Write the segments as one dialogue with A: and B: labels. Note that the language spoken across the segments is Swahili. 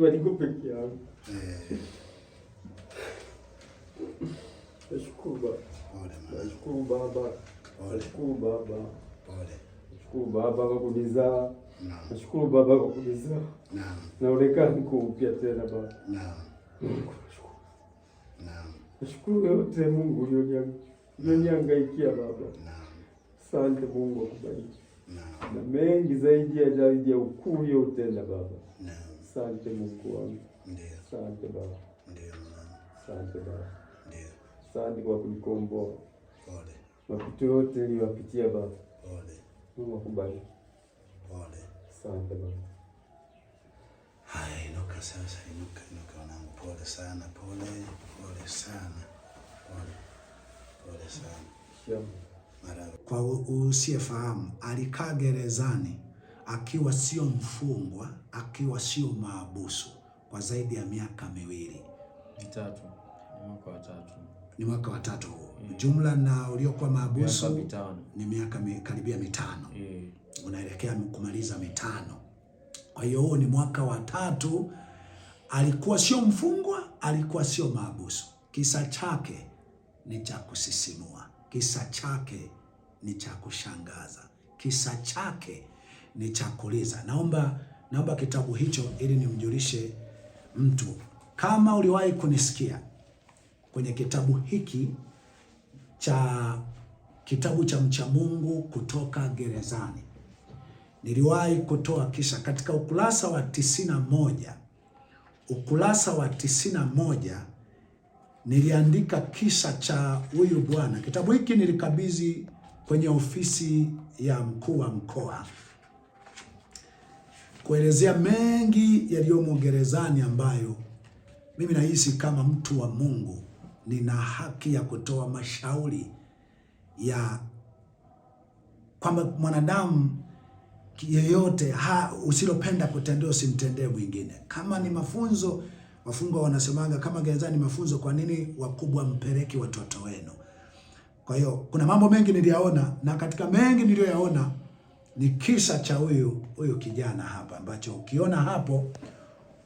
A: Ndio niko peke yangu. Nashukuru baba. Nashukuru baba. Nashukuru baba. Nashukuru baba kwa kunizaa. Nashukuru baba kwa kunizaa. Naam. Naonekana niko upya tena baba. Nashukuru yote Mungu ulioniangaikia baba. Asante Mungu akubariki. Na mengi zaidi ya zaidi ya ukuu yote na baba. Asante Mungu wangu, Ndio. asante Baba, Ndio asante Baba, Ndio. asante kwa kunikomboa Pole. mapito yote niliyopitia Baba. Pole. Mungu akubariki. Pole. Asante Baba.
B: Haya, inuka sasa, inuka, inuka wanangu, pole sana, pole, pole sana, pole, pole
A: sana.
C: Kwa usiyefahamu, alikaa gerezani akiwa sio mfungwa, akiwa sio maabusu kwa zaidi ya miaka miwili
A: mitatu, mwaka wa tatu
C: ni mwaka wa tatu huu mm. Jumla na uliokuwa maabusu ni miaka karibia mitano mm. Unaelekea kumaliza mitano. Kwa hiyo huu ni mwaka wa tatu. Alikuwa sio mfungwa, alikuwa sio maabusu. Kisa chake ni cha kusisimua, kisa chake ni cha kushangaza, kisa chake ni cha kuuliza. Naomba naomba kitabu hicho ili nimjulishe mtu. Kama uliwahi kunisikia kwenye kitabu hiki cha kitabu cha mcha Mungu kutoka gerezani, niliwahi kutoa kisha katika ukurasa wa tisini na moja ukurasa wa tisini na moja niliandika kisa cha huyu bwana. Kitabu hiki nilikabidhi kwenye ofisi ya mkuu wa mkoa kuelezea mengi yaliyomo gerezani ambayo mimi nahisi kama mtu wa Mungu nina haki ya kutoa mashauri ya kwamba mwanadamu yeyote ha usilopenda kutendewa usimtendee mwingine. Kama ni mafunzo, wafungwa wanasemanga kama gerezani mafunzo, kwa nini wakubwa mpeleki watoto wenu? Kwa hiyo kuna mambo mengi niliyaona, na katika mengi niliyoyaona ni kisa cha huyu huyu kijana hapa, ambacho ukiona hapo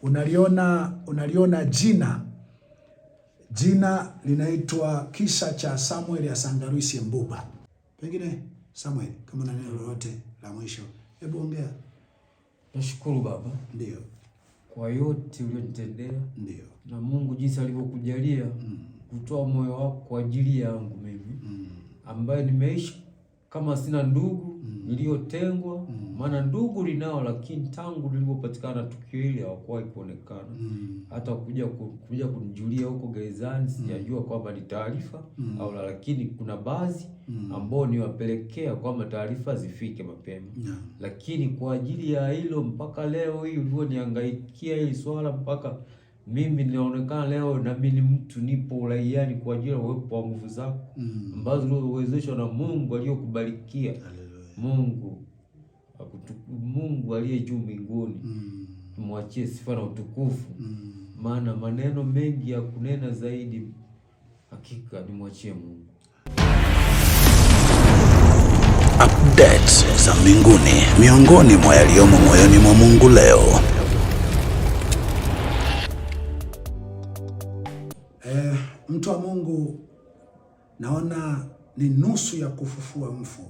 C: unaliona unaliona jina jina linaitwa kisa cha Samuel Asangarwisi Mbuba. Pengine Samuel, kama na neno lolote la mwisho, hebu ongea.
A: Nashukuru baba, ndio kwa yote ulionitendea, ndio na Mungu jinsi alivyokujalia mm. kutoa moyo wako kwa ajili yangu mimi mm. ambaye nimeishi kama sina ndugu niliyotengwa, mm. maana mm. ndugu linao, lakini tangu lilipopatikana tukio hili hawakuwahi kuonekana mm. hata kuja kuja kunijulia huko gerezani, mm. sijajua mm. kwamba ni taarifa mm. au la, lakini kuna baadhi mm. ambao niwapelekea kwamba taarifa zifike mapema yeah. Lakini kwa ajili ya hilo mpaka leo hii ulivyonihangaikia hili swala mpaka mimi ninaonekana leo nami ni mtu nipo uraiani kwa ajili ya uwepo wa nguvu zako mm. ambazo mm. uliowezeshwa na Mungu aliyokubarikia Mungu akutuku, Mungu aliye juu mbinguni mm. Tumwachie sifa na utukufu mm. Maana maneno mengi ya kunena zaidi hakika nimwachie Mungu.
C: Updates za mbinguni, miongoni mwa yaliyomo moyoni mwa Mungu leo. Eh, mtu wa Mungu, naona ni nusu ya kufufua mfu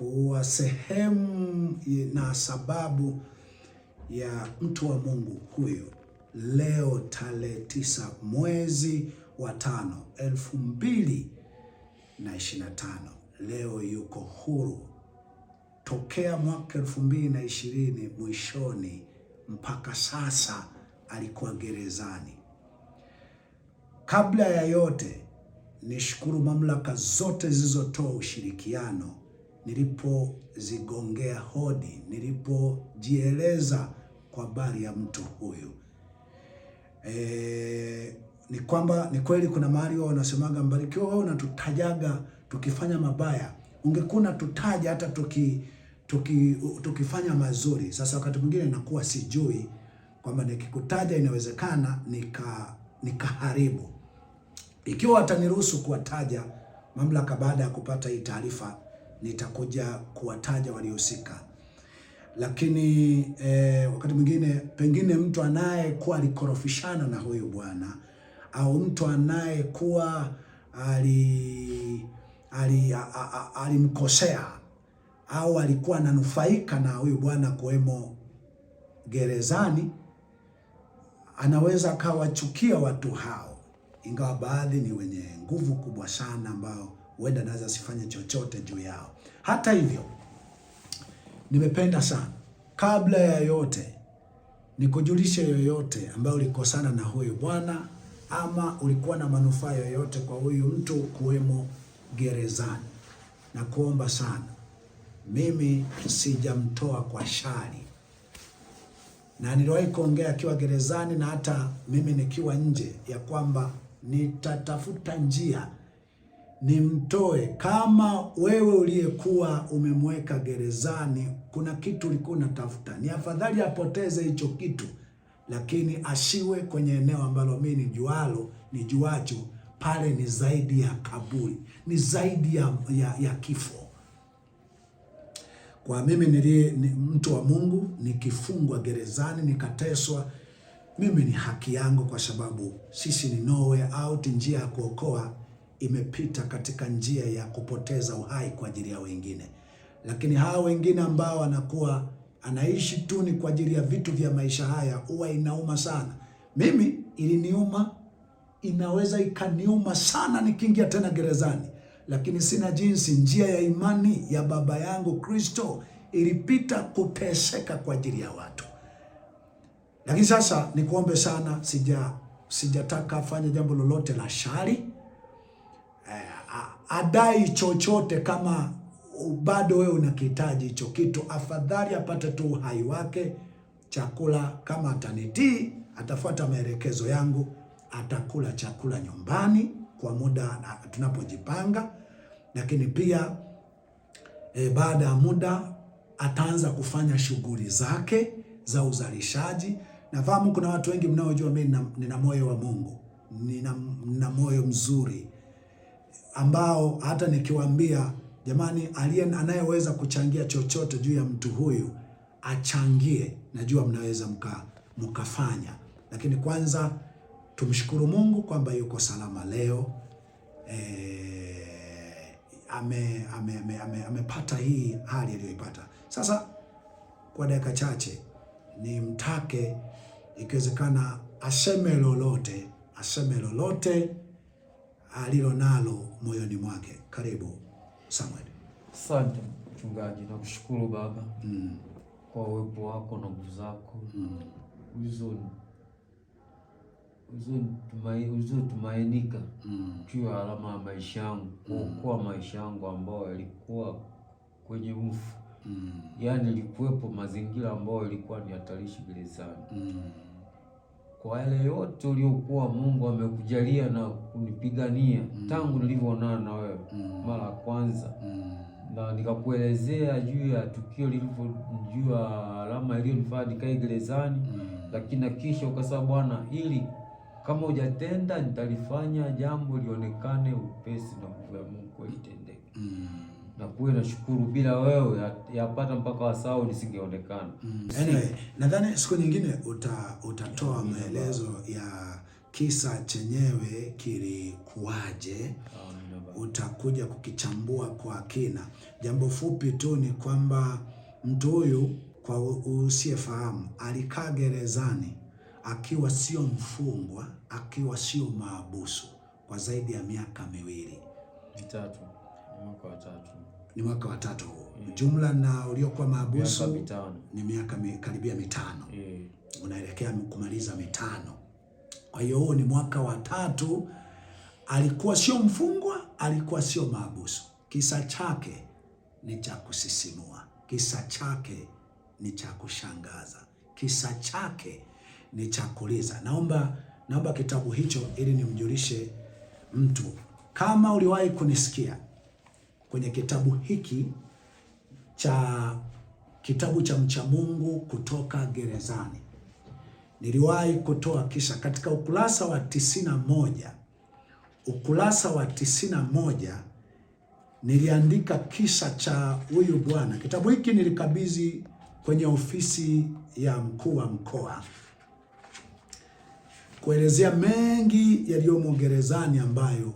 C: kuwa sehemu na sababu ya mtu wa Mungu huyu leo tarehe tisa mwezi wa tano elfu mbili na ishirini na tano. Leo yuko huru tokea mwaka elfu mbili na ishirini mwishoni mpaka sasa alikuwa gerezani. Kabla ya yote, nishukuru mamlaka zote zilizotoa ushirikiano nilipozigongea hodi, nilipojieleza kwa habari ya mtu huyu e, ni kwamba ni kweli kuna mahali wao wanasemaga, Mbarikiwa wao unatutajaga tukifanya mabaya, ungekuwa unatutaja hata tuki, tuki, tukifanya mazuri. Sasa wakati mwingine nakuwa sijui kwamba nikikutaja inawezekana nika nikaharibu. Ikiwa wataniruhusu kuwataja mamlaka baada ya kupata hii taarifa nitakuja kuwataja waliohusika. Lakini eh, wakati mwingine pengine mtu anayekuwa alikorofishana na huyu bwana au mtu anayekuwa ali alimkosea au alikuwa ananufaika na huyu bwana kuwemo gerezani, anaweza akawachukia watu hao, ingawa baadhi ni wenye nguvu kubwa sana ambao huenda naweza sifanye chochote juu yao. Hata hivyo, nimependa sana, kabla ya yote nikujulishe yoyote ambayo ulikosana na huyu bwana ama ulikuwa na manufaa yoyote kwa huyu mtu kuwemo gerezani, na kuomba sana, mimi sijamtoa kwa shari, na niliwahi kuongea akiwa gerezani na hata mimi nikiwa nje ya kwamba nitatafuta njia nimtoe. Kama wewe uliyekuwa umemweka gerezani, kuna kitu ulikuwa unatafuta, ni afadhali apoteze hicho kitu, lakini ashiwe kwenye eneo ambalo mimi ni jualo ni juacho pale, ni zaidi ya kaburi, ni zaidi ya, ya, ya kifo. Kwa mimi nilie, ni mtu wa Mungu, nikifungwa gerezani nikateswa, mimi ni haki yangu, kwa sababu sisi ni no way out, njia ya kuokoa imepita katika njia ya kupoteza uhai kwa ajili ya wengine, lakini hawa wengine ambao wanakuwa anaishi tu ni kwa ajili ya vitu vya maisha haya, huwa inauma sana. Mimi iliniuma, inaweza ikaniuma sana nikiingia tena gerezani, lakini sina jinsi. Njia ya imani ya baba yangu Kristo ilipita kuteseka kwa ajili ya watu, lakini sasa nikuombe sana, sija sijataka afanye jambo lolote la shari adai chochote kama bado wewe unakihitaji hicho kitu, afadhali apate tu uhai wake, chakula. Kama atanitii, atafuata maelekezo yangu, atakula chakula nyumbani kwa muda tunapojipanga, lakini pia e, baada ya muda ataanza kufanya shughuli zake za uzalishaji. Nafahamu kuna watu wengi mnaojua mimi nina moyo wa Mungu, nina, nina moyo mzuri ambao hata nikiwaambia jamani, aliye anayeweza kuchangia chochote juu ya mtu huyu achangie, najua mnaweza mka, mkafanya. Lakini kwanza tumshukuru Mungu kwamba yuko salama leo e, eh, ame amepata ame, ame, ame hii hali aliyoipata. Sasa kwa dakika chache ni mtake, ikiwezekana aseme lolote, aseme lolote alilo nalo moyoni mwake. Karibu Samuel.
A: Asante mchungaji, nakushukuru Baba mm. kwa uwepo wako na nguvu zako mm. uliotumainika mm. juu ya alama ya maisha yangu mm. kuokoa mm. maisha yangu ambayo yalikuwa kwenye ufu mm. yaani ilikuwepo mazingira ambayo ilikuwa ni hatarishi gerezani mm kwa yale yote uliokuwa Mungu amekujalia na kunipigania mm. tangu nilivyoonana na wewe mm. mara ya kwanza mm. na nikakuelezea juu ya tukio lilivyo, juu ya alama iliyonifaa nikae gerezani mm. lakini na kisha ukasema, Bwana, ili kama hujatenda nitalifanya jambo lionekane upesi na nguvu ya Mungu itendeke mm na nashukuru, bila wewe yapata mpaka wasao nisingeonekana.
B: Anyway,
C: mm. Yaani Nadhani siku nyingine uta, utatoa maelezo ya kisa chenyewe kilikuwaje,
A: ah,
C: utakuja kukichambua kwa kina. Jambo fupi tu ni kwamba mtu huyu kwa usiyefahamu alikaa gerezani akiwa sio mfungwa, akiwa sio maabusu kwa zaidi ya miaka miwili
A: mitatu, mwaka watatu
C: ni mwaka wa tatu huu mm. jumla, na uliokuwa mahabusu ni miaka karibia mitano, mm. unaelekea kumaliza mitano. Kwa hiyo huu ni mwaka wa tatu. Alikuwa sio mfungwa, alikuwa sio mahabusu. Kisa chake ni cha kusisimua, kisa chake ni cha kushangaza, kisa chake ni cha kuliza. Naomba naomba kitabu hicho ili nimjulishe mtu, kama uliwahi kunisikia kwenye kitabu hiki cha kitabu cha mcha Mungu kutoka gerezani. Niliwahi kutoa kisa katika ukurasa wa tisini na moja ukurasa wa tisini na moja niliandika kisa cha huyu bwana. Kitabu hiki nilikabidhi kwenye ofisi ya mkuu wa mkoa kuelezea mengi yaliyomo gerezani ambayo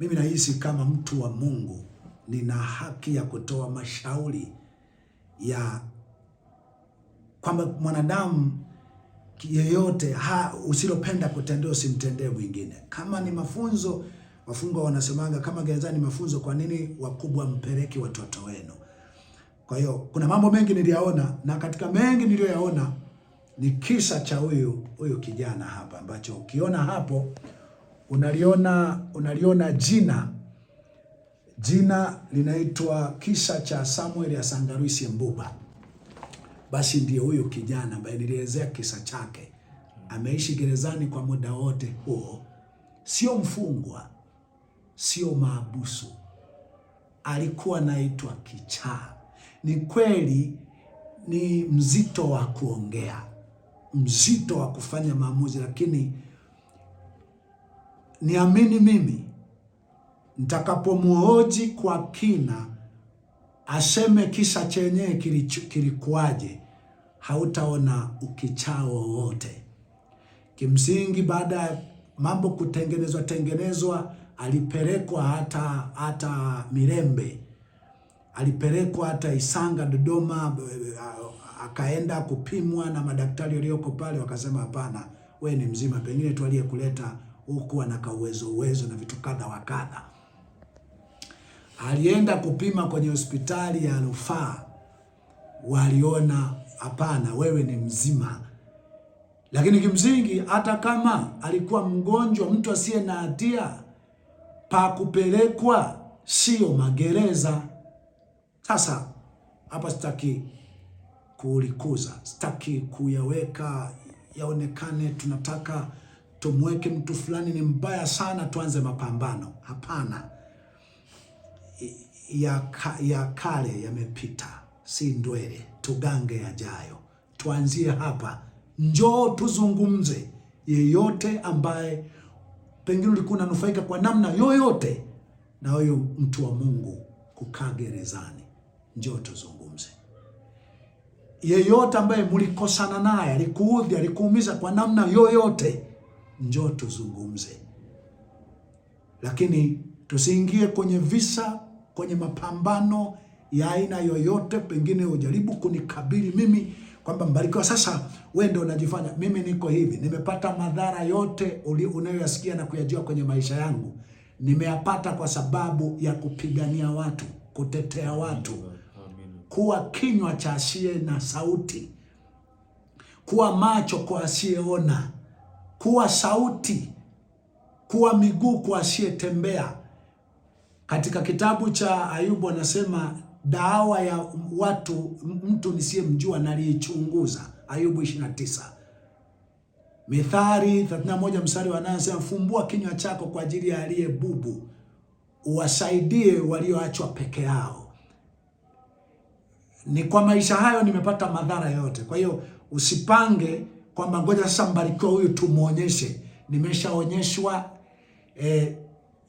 C: mimi nahisi kama mtu wa Mungu nina haki ya kutoa mashauri ya kwamba mwanadamu yeyote usilopenda kutendea usimtendee mwingine. Kama ni mafunzo, wafungwa wanasemanga kama gerezani ni mafunzo, kwa nini wakubwa mpeleki watoto wenu? Kwa hiyo kuna mambo mengi niliyaona, na katika mengi niliyoyaona ni kisa cha huyu huyu kijana hapa, ambacho ukiona hapo unaliona unaliona jina Jina linaitwa kisa cha samuel Asangarwisi Mbuba. Basi ndiye huyu kijana ambaye nilielezea kisa chake, ameishi gerezani kwa muda wote huo, sio mfungwa, sio maabusu, alikuwa naitwa kichaa. Ni kweli ni mzito wa kuongea, mzito wa kufanya maamuzi, lakini niamini mimi nitakapomuoji kwa kina, aseme kisa chenyewe kilikuwaje, hautaona ukichao wowote. Kimsingi, baada ya mambo kutengenezwa tengenezwa, alipelekwa hata hata Mirembe, alipelekwa hata Isanga Dodoma, eh, akaenda kupimwa na madaktari walioko pale, wakasema hapana, we ni mzima, pengine tu aliyekuleta huku anaka uwezo uwezo na vitu kadha wa kadha alienda kupima kwenye hospitali ya rufaa, waliona hapana, wewe ni mzima. Lakini kimsingi hata kama alikuwa mgonjwa, mtu asiye na hatia, pa kupelekwa sio magereza. Sasa hapa sitaki kulikuza, sitaki kuyaweka yaonekane tunataka tumweke mtu fulani ni mbaya sana, tuanze mapambano. Hapana ya, ka, ya kale yamepita, si ndwele, tugange yajayo. Tuanzie hapa, njoo tuzungumze. Yeyote ambaye pengine ulikuwa unanufaika kwa namna yoyote na huyu mtu wa Mungu kukaa gerezani, njoo tuzungumze. Yeyote ambaye mlikosana naye, alikuudhi, alikuumiza kwa namna yoyote, njoo tuzungumze, lakini tusiingie kwenye visa kwenye mapambano ya aina yoyote, pengine ujaribu kunikabili mimi kwamba Mbarikiwa, sasa wewe ndio unajifanya, mimi niko hivi, nimepata madhara yote unayoyasikia na kuyajua kwenye maisha yangu, nimeyapata kwa sababu ya kupigania watu, kutetea watu, kuwa kinywa cha asiye na sauti, kuwa macho kwa asiyeona, kuwa sauti, kuwa miguu kwa asiyetembea katika kitabu cha Ayubu anasema dawa ya watu mtu nisiyemjua naliichunguza, Ayubu 29. Mithali 31 mstari wa nane anasema fumbua kinywa chako kwa ajili ya aliye bubu, uwasaidie walioachwa peke yao. Ni kwa maisha hayo nimepata madhara yote. Kwa hiyo usipange kwamba ngoja sasa mbarikiwa huyu tumuonyeshe, nimeshaonyeshwa eh,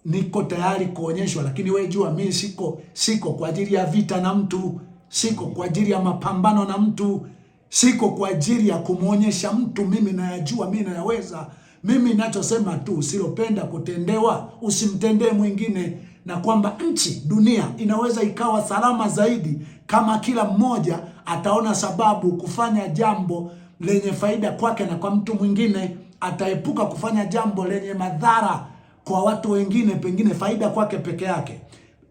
C: niko tayari kuonyeshwa, lakini we jua mi siko siko kwa ajili ya vita na mtu, siko kwa ajili ya mapambano na mtu, siko kwa ajili ya kumwonyesha mtu. Mimi nayajua, mi nayaweza. Mimi nachosema tu, usilopenda kutendewa usimtendee mwingine, na kwamba nchi, dunia inaweza ikawa salama zaidi kama kila mmoja ataona sababu kufanya jambo lenye faida kwake na kwa mtu mwingine, ataepuka kufanya jambo lenye madhara kwa watu wengine, pengine faida kwake peke yake.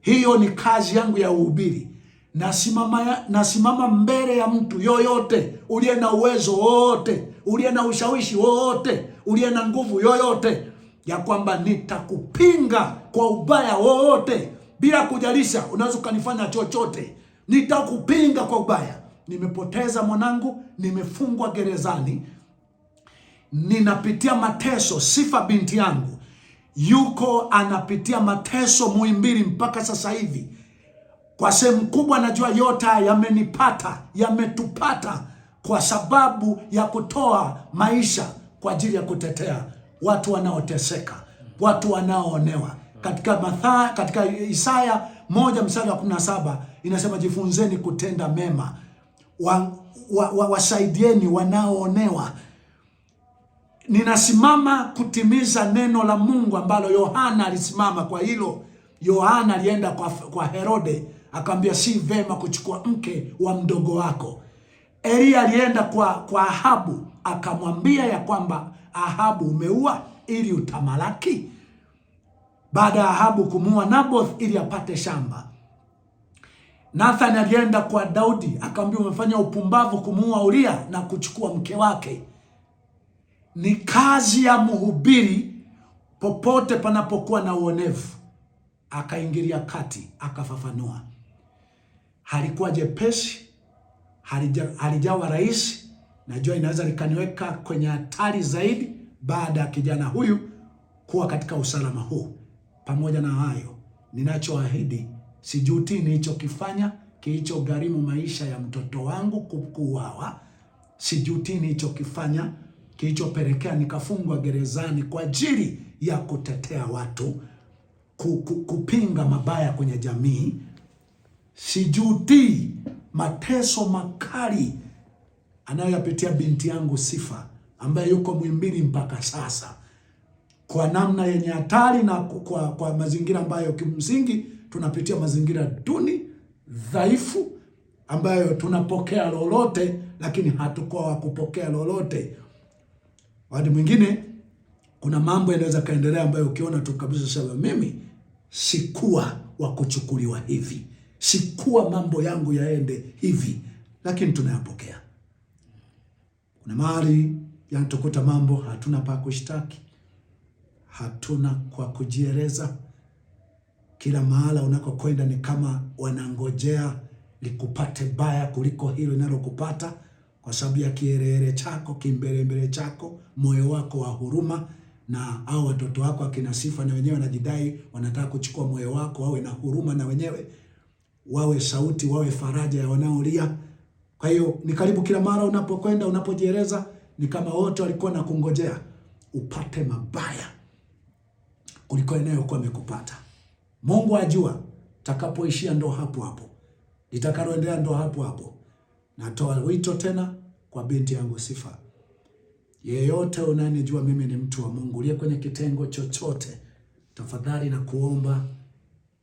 C: Hiyo ni kazi yangu ya uhubiri. Nasimama, nasimama mbele ya mtu yoyote uliye na uwezo wote, uliye na ushawishi wote, uliye na nguvu yoyote, ya kwamba nitakupinga kwa ubaya wowote, bila kujalisha unaweza ukanifanya chochote, nitakupinga kwa ubaya. Nimepoteza mwanangu, nimefungwa gerezani, ninapitia mateso. Sifa binti yangu yuko anapitia mateso Muhimbili mpaka sasa hivi. Kwa sehemu kubwa najua yote yamenipata, yametupata kwa sababu ya kutoa maisha kwa ajili ya kutetea watu wanaoteseka, watu wanaoonewa. Katika Mathayo, katika Isaya moja mstari wa 17 inasema jifunzeni kutenda mema wa, wa, wa, wasaidieni wanaoonewa ninasimama kutimiza neno la Mungu ambalo Yohana alisimama kwa hilo. Yohana alienda kwa, kwa Herode akamwambia si vema kuchukua mke wa mdogo wako. Elia alienda kwa, kwa Ahabu akamwambia ya kwamba Ahabu, umeua ili utamalaki. Baada ya Ahabu kumuua Naboth ili apate shamba. Nathan alienda kwa Daudi akamwambia umefanya upumbavu kumuua Uria na kuchukua mke wake ni kazi ya mhubiri popote panapokuwa na uonevu, akaingilia kati, akafafanua. Halikuwa jepesi, halijawa rahisi. Najua inaweza likaniweka kwenye hatari zaidi baada ya kijana huyu kuwa katika usalama huu. Pamoja na hayo, ninachoahidi sijuti nilichokifanya kilichogharimu maisha ya mtoto wangu kuuawa, sijuti nilichokifanya kilichopelekea nikafungwa gerezani kwa ajili ya kutetea watu, kupinga mabaya kwenye jamii. Sijuti mateso makali anayoyapitia binti yangu Sifa ambaye yuko Muhimbili mpaka sasa, kwa namna yenye hatari na kwa, kwa mazingira ambayo kimsingi tunapitia mazingira duni dhaifu, ambayo tunapokea lolote, lakini hatukuwa wa kupokea lolote. Wakati mwingine kuna mambo yanaweza kaendelea ambayo ukiona tu kabisa sema mimi sikuwa wa kuchukuliwa hivi, sikuwa mambo yangu yaende hivi, lakini tunayapokea. Kuna mahali yanatukuta mambo hatuna pa kushtaki, hatuna kwa kujieleza. Kila mahala unakokwenda ni kama wanangojea likupate baya kuliko hilo linalokupata kwa sababu ya kiherehere chako, kimbelembele chako, moyo wako wa huruma na au watoto wako akina Sifa na wenyewe wanajidai wanataka kuchukua moyo wako, wawe na huruma na wenyewe, wawe sauti, wawe faraja ya wanaolia. Kwa hiyo ni karibu kila mara unapokwenda, unapojieleza, ni kama wote walikuwa na kungojea upate mabaya kuliko yanayokuwa amekupata. Mungu ajua takapoishia, ndo hapo hapo, litakaloendelea ndo hapo hapo. Natoa wito tena kwa binti yangu Sifa, yeyote unanijua mimi ni mtu wa Mungu, uliye kwenye kitengo chochote, tafadhali na kuomba,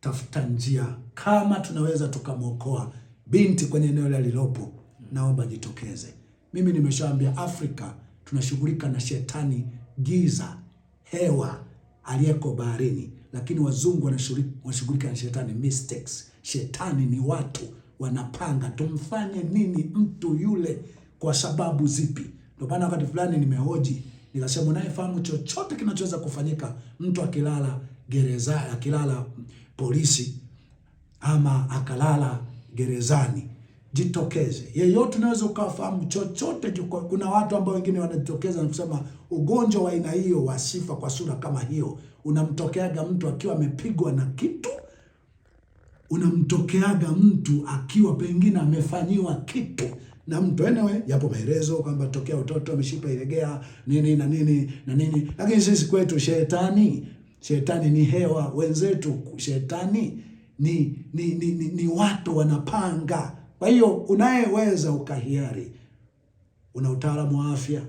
C: tafuta njia kama tunaweza tukamwokoa binti kwenye eneo la lilopo, naomba jitokeze. Mimi nimeshaambia Afrika tunashughulika na shetani, giza, hewa aliyeko baharini, lakini wazungu wanashughulika na shetani, mistakes. Shetani ni watu wanapanga tumfanye nini mtu yule, kwa sababu zipi? Ndio maana wakati fulani nimehoji nikasema, unayefahamu chochote kinachoweza kufanyika mtu akilala gereza, akilala polisi ama akalala gerezani, jitokeze yeyote, unaweza ukafahamu chochote. Kuna watu ambao wengine wanajitokeza na kusema ugonjwa wa aina hiyo wa sifa kwa sura kama hiyo unamtokeaga mtu akiwa amepigwa na kitu unamtokeaga mtu akiwa pengine amefanyiwa kitu na mtu enewe. Yapo maelezo kwamba tokea utoto ameshipa ilegea nini na nini na nini, lakini sisi kwetu shetani, shetani ni hewa. Wenzetu shetani ni ni, ni, ni, ni watu wanapanga. Kwa hiyo unayeweza ukahiari, una utaalamu wa afya,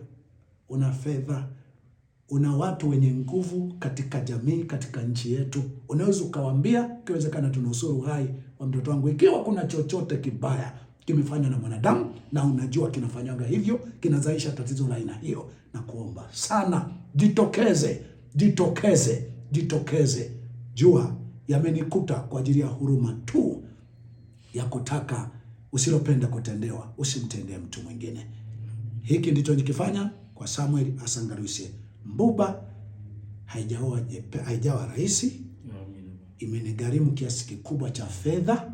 C: una fedha una watu wenye nguvu katika jamii, katika nchi yetu. Unaweza ukawaambia, ikiwezekana tunusuru hai wa mtoto wangu, ikiwa kuna chochote kibaya kimefanywa na mwanadamu na unajua kinafanyaga hivyo, kinazaisha tatizo la aina hiyo, na kuomba sana, jitokeze, jitokeze, jitokeze. Jua yamenikuta kwa ajili ya huruma tu ya kutaka usilopenda kutendewa usimtendee mtu mwingine. Hiki ndicho nikifanya kwa Samuel Asangarwise. Mbuba haijawa haijawa rahisi, imenigharimu kiasi kikubwa cha fedha,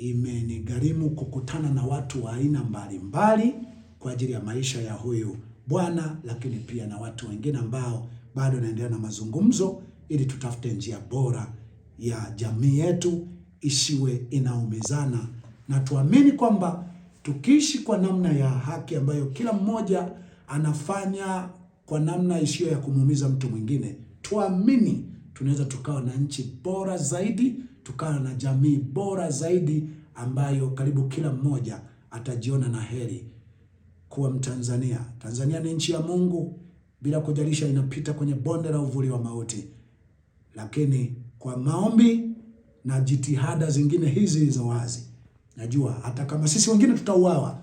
C: imenigharimu kukutana na watu wa aina mbalimbali kwa ajili ya maisha ya huyu bwana, lakini pia na watu wengine ambao bado naendelea na mazungumzo ili tutafute njia bora ya jamii yetu isiwe inaumizana, na tuamini kwamba tukiishi kwa namna ya haki ambayo kila mmoja anafanya kwa namna isiyo ya kumuumiza mtu mwingine. Tuamini tunaweza tukawa na nchi bora zaidi, tukawa na jamii bora zaidi ambayo karibu kila mmoja atajiona na heri kuwa Mtanzania. Tanzania ni nchi ya Mungu, bila kujalisha inapita kwenye bonde la uvuli wa mauti, lakini kwa maombi na jitihada zingine hizi za wazi, najua hata kama sisi wengine tutauawa,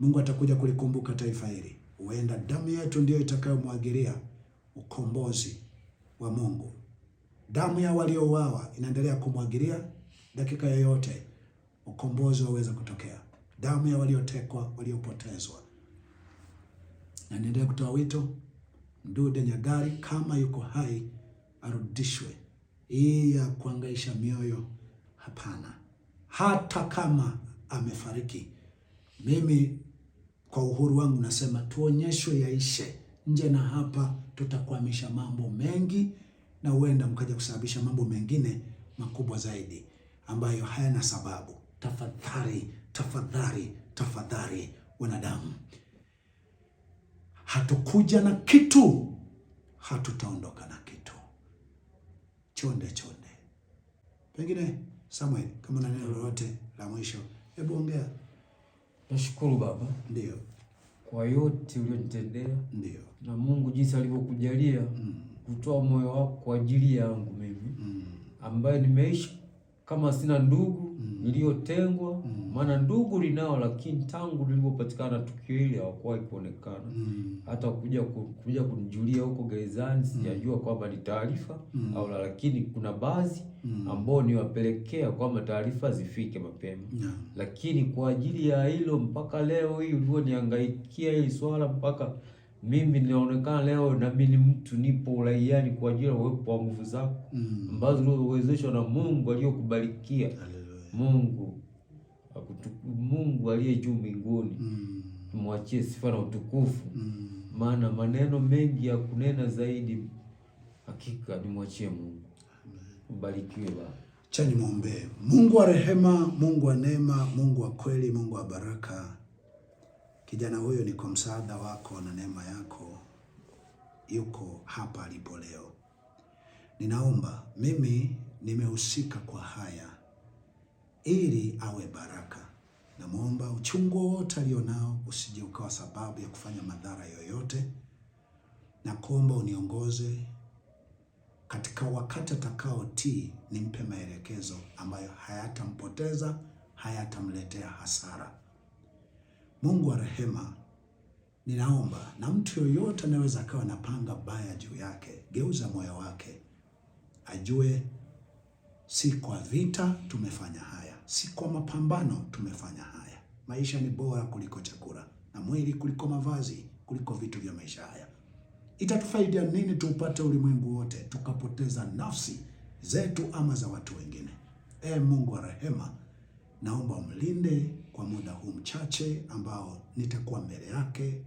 C: Mungu atakuja kulikumbuka taifa hili huenda damu yetu ndiyo itakayomwagilia ukombozi wa Mungu. Damu ya waliouawa inaendelea kumwagilia dakika yoyote ukombozi waweza kutokea. Damu ya waliotekwa, waliopotezwa. Na niendelee kutoa wito, Mdude Nyagali kama yuko hai arudishwe. Hii ya kuangaisha mioyo, hapana. Hata kama amefariki, mimi kwa uhuru wangu nasema tuonyeshwe yaishe. Nje na hapa tutakwamisha mambo mengi, na huenda mkaja kusababisha mambo mengine makubwa zaidi ambayo hayana sababu. Tafadhali, tafadhali, tafadhali wanadamu, hatukuja na kitu, hatutaondoka na kitu. Chonde chonde. Pengine Samuel, kama na neno lolote la mwisho, hebu ongea.
A: Nashukuru Baba ndio kwa yote ulionitendea, ndio na Mungu jinsi alivyokujalia mm. kutoa moyo wako kwa ajili yangu mimi mm. ambaye nimeishi kama sina ndugu mm. niliyotengwa mm maana ndugu linao, lakini tangu lilipopatikana tukio hili hawakuwahi kuonekana mm. hata kuja kuja kunijulia huko gerezani mm. sijajua mm. kwamba ni taarifa mm. au la, lakini kuna baadhi mm. ambao niwapelekea kwamba taarifa zifike mapema yeah. Lakini kwa ajili ya hilo mpaka leo hii ulivyonihangaikia hili swala mpaka mimi ninaonekana leo mimi ni mtu nipo uraiani kwa ajili ya uwepo wa nguvu zako mm. ambazo mm. na Mungu aliyokubarikia Mungu Mungu aliye juu mbinguni mm. Tumwachie sifa na utukufu mm. Maana maneno mengi ya kunena zaidi hakika nimwachie Mungu. Ubarikiwe Baba.
C: Chani muombe Mungu wa rehema, Mungu wa neema, Mungu wa kweli, Mungu wa baraka. Kijana huyo ni kwa msaada wako na neema yako, yuko hapa alipo leo. Ninaomba mimi nimehusika kwa haya ili awe baraka. Namwomba uchungu wowote alionao usije ukawa sababu ya kufanya madhara yoyote, na kuomba uniongoze katika wakati atakaotii, nimpe maelekezo ambayo hayatampoteza, hayatamletea hasara. Mungu wa rehema, ninaomba na mtu yoyote anaweza akawa napanga baya juu yake, geuza moyo wake, ajue si kwa vita tumefanya haya si kwa mapambano tumefanya haya. Maisha ni bora kuliko chakula na mwili kuliko mavazi kuliko vitu vya maisha haya. Itatufaidia nini tuupate ulimwengu wote tukapoteza nafsi zetu ama za watu wengine? E Mungu wa rehema, naomba umlinde kwa muda huu mchache ambao nitakuwa mbele yake,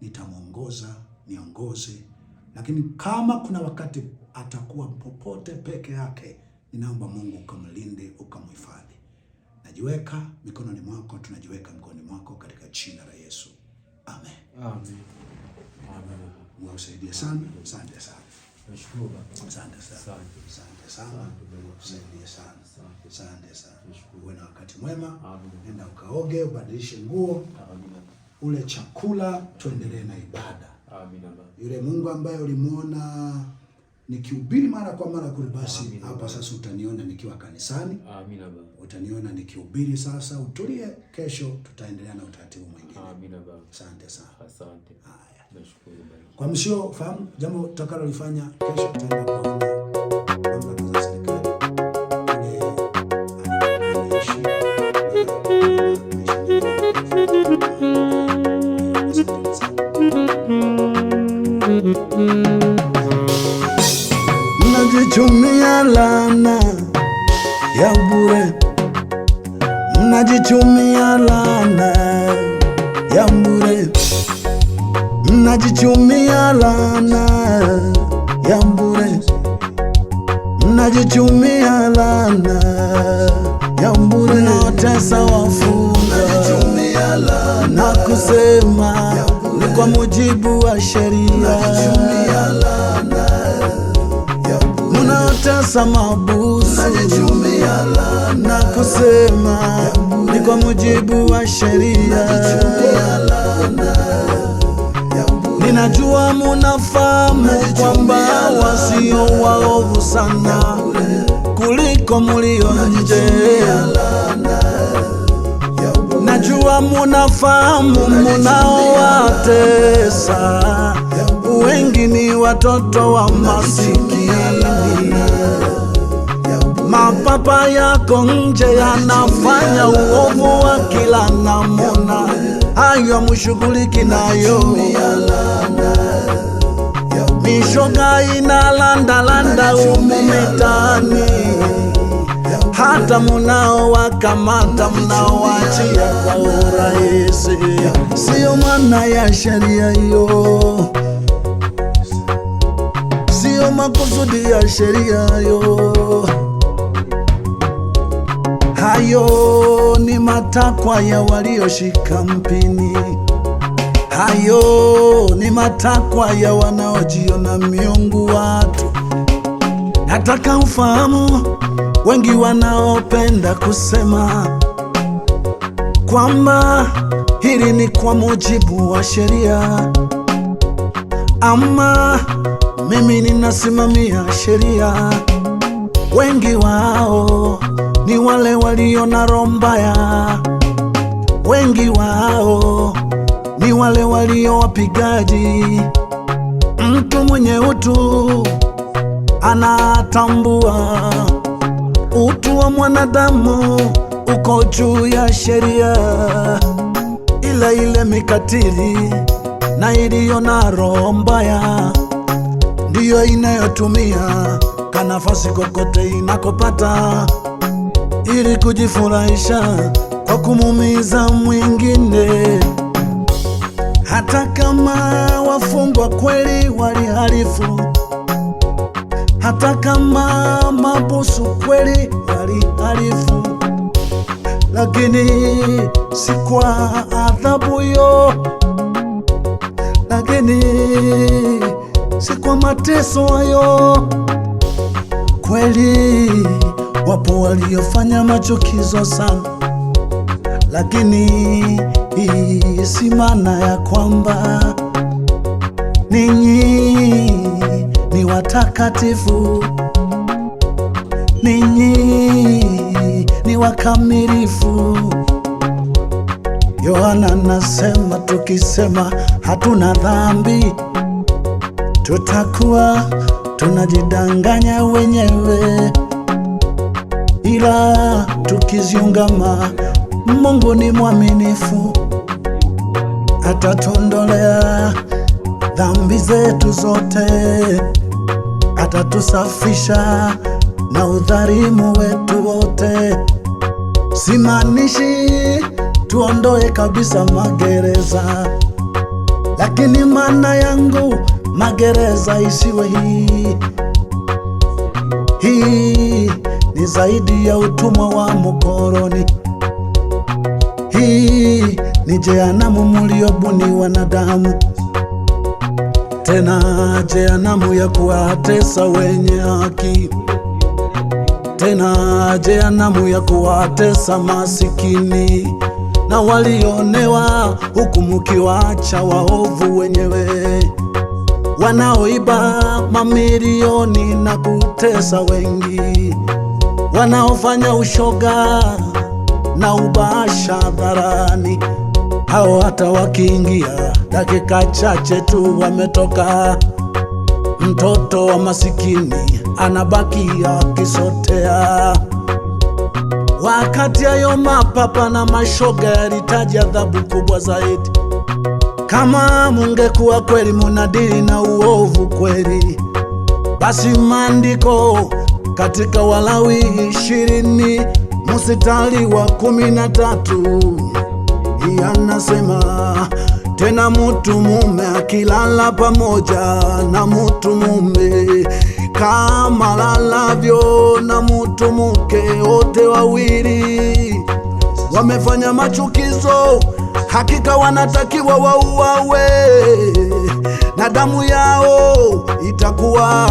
C: nitamwongoza, niongoze. Lakini kama kuna wakati atakuwa popote peke yake, ninaomba Mungu ukamlinde, ukamhifadhi najiweka mikononi mwako, tunajiweka mikononi mwako katika jina la Yesu, amen,
A: amen.
B: amen.
C: Mungu sana, asante sana. Asante sana. Asante sana. sana. Asante sana. Uwe na wakati mwema. Nenda ukaoge, ubadilishe nguo. Ule chakula tuendelee na ibada. Yule Mungu ambaye ulimwona nikihubiri mara kwa mara kule, basi hapa sasa utaniona nikiwa kanisani. Amina baba. Utaniona nikihubiri sasa, utulie. Kesho tutaendelea na utaratibu mwingine. Amina baba. Asante sana.
A: Asante. Haya.
C: Nashukuru baba. Kwa msio fahamu jambo tutakalolifanya kesho tutaenda kuona
D: mnajichumia laana ya bure, mnajichumia laana ya bure, mnajichumia laana kukosa mabusu na kusema ni kwa mujibu wa sheria. Ninajua munafahamu kwamba wasio waovu sana kuliko mulio nje. Najua munafahamu munaowatesa wengi ni watoto wa masikini mapapa yako nje yanafanya uovu wa kila namuna, hayo mushughuliki nayo. Mishoga inalandalanda umu mitaani, hata mnao mnaowachia
E: kwa urahisi,
D: siyo maana ya sheria hiyo makusudi ya sheria yo, hayo ni matakwa ya walioshika mpini, hayo ni matakwa ya wanaojiona miungu watu. Nataka ufahamu wengi wanaopenda kusema kwamba hili ni kwa mujibu wa sheria ama mimi ninasimamia sheria. Wengi wao ni wale walio na roho mbaya, wengi wao ni wale walio wapigaji. Mtu mwenye utu anatambua utu wa mwanadamu uko juu ya sheria, ila ile mikatili na iliyo na roho mbaya ndiyo inayotumia kanafasi kokote inakopata ili kujifurahisha kwa kumumiza mwingine, hata kama wafungwa kweli waliharifu hata kama mabusu kweli waliharifu lakini si kwa adhabu yo, lakini si kwa mateso hayo. Kweli wapo waliofanya machukizo sana, lakini hii si maana ya kwamba ninyi ni watakatifu, ninyi ni wakamilifu. Yohana anasema tukisema hatuna dhambi tutakuwa tunajidanganya wenyewe, ila tukiziungama, Mungu ni mwaminifu, atatondolea dhambi zetu zote, atatusafisha na udhalimu wetu wote. Simaanishi tuondoe kabisa magereza, lakini maana yangu magereza isiwe hii hii ni zaidi ya utumwa wa mukoroni. Hii ni jehanamu muliobuni wanadamu, tena jehanamu ya kuwatesa wenye haki, tena jehanamu ya kuwatesa masikini na walionewa, huku mukiwacha waovu wenyewe wanaoiba mamilioni na kutesa wengi, wanaofanya ushoga na ubasha dharani Hao hata wakiingia dakika chache tu wametoka. Mtoto wa masikini anabaki akisotea. Wakati hayo mapapa na mashoga yalitaja adhabu kubwa zaidi kama mungekuwa kweli munadili na uovu kweli, basi maandiko katika Walawi ishirini musitali wa kumi na tatu yanasema tena mutu mume akilala pamoja na mutu mume kama lalavyo na mutu muke, wote wawili wamefanya machukizo hakika wanatakiwa wauawe na damu yao itakuwa